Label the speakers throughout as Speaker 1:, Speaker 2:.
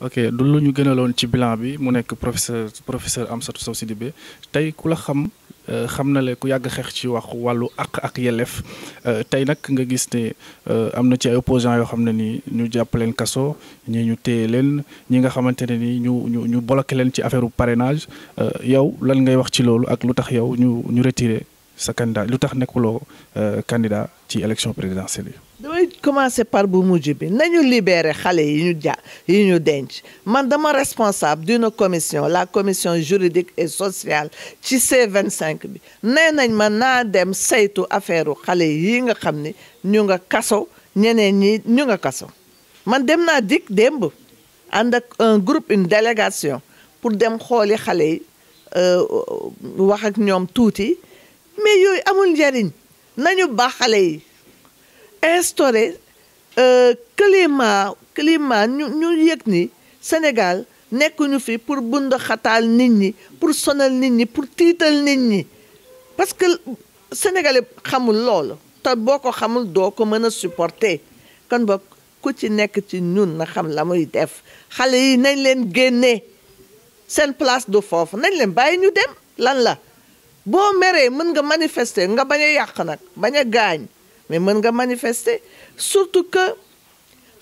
Speaker 1: ok du lu ñu gënaloon ci bilan bi mu nekk professeur professeur Amsatou Sow Sidibé tey ku la xam euh, xam na le ku yàgg xeex ci wax wàllu àq ak yelleef euh, tey nag nga gis ne euh, am na ci ay opposants yoo xam ne nii ñu jàpp leen kaso ñi ñu téye leen ñi nga xamante ne nii ñu ñu ñu bloqué leen ci affaire parrainage yow lan ngay wax ci loolu ak lu tax yow ñu ñu retiré. sa candidat lu tax nekkuloo euh, candidat ci élection présidentielle yi.
Speaker 2: damay commencer par bu mujj bi nañu libeere xale yi ñu ja yi ñu denc man dama responsable d'une commission la commission juridique et sociale ci c cinq bi nee nañ ma naa dem saytu affaire xale yi nga xam ne ñu nga kaso ñeneen ñi ñu nga kaso man dem naa dikk démb ànd ak un groupe une délégation pour dem xooli xale yi euh, wax ak ñoom tuuti. mais yooyu amul njariñ nañu baax xale yi instauré euh, climat climat ñu ñu yëg ni Sénégal nekkuñu fi pour bund xataal nit ñi pour sonal nit ñi pour tiital nit ñi parce que sénégalais xamul lool ta boo ko xamul doo ko mën a supporter kon boog ku ci nekk ci ñun na xam la muy def xale yi nañ leen génne seen place du foofu nañ leen bàyyi ñu dem lan la boo meree mën nga manifester nga bañ a yàq nag bañ a gaañ mais mën nga manifester surtout que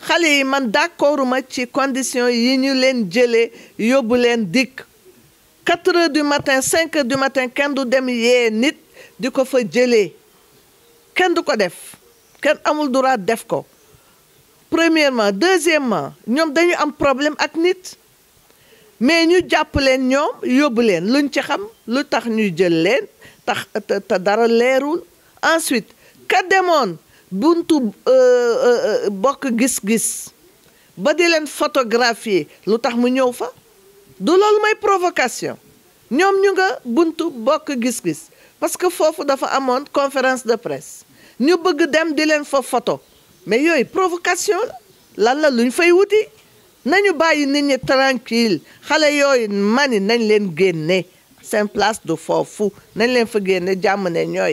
Speaker 2: xale yi man d'accorduma ci condition yi ñu leen jëlee yóbbu leen dikk quatre heures du matin cinq heures du kenn du dem yee nit di ko fa jëlee kenn du ko def kenn amul droit def ko premièrement deuxièmement ñoom dañu am problème ak nit mais ñu jàpp leen ñoom yóbbu leen luñ ci xam lu tax ñuy jël leen tax te dara leerul ensuite ka demoon buntu euh, euh, bokk gis-gis ba di leen photographier lu tax mu ñëw fa du loolu may provocation ñoom ñu nga buntu bokk gis-gis parce que foofu dafa amoon conférence de presse ñu bëgg dem di leen fa photo mais yooyu provocation la lan la fay wuti nañu bàyyi nit ñi tranquille xale yooyu mani nañ leen génne seen place de foofu nañu leen fa génne jàmm ne ñooy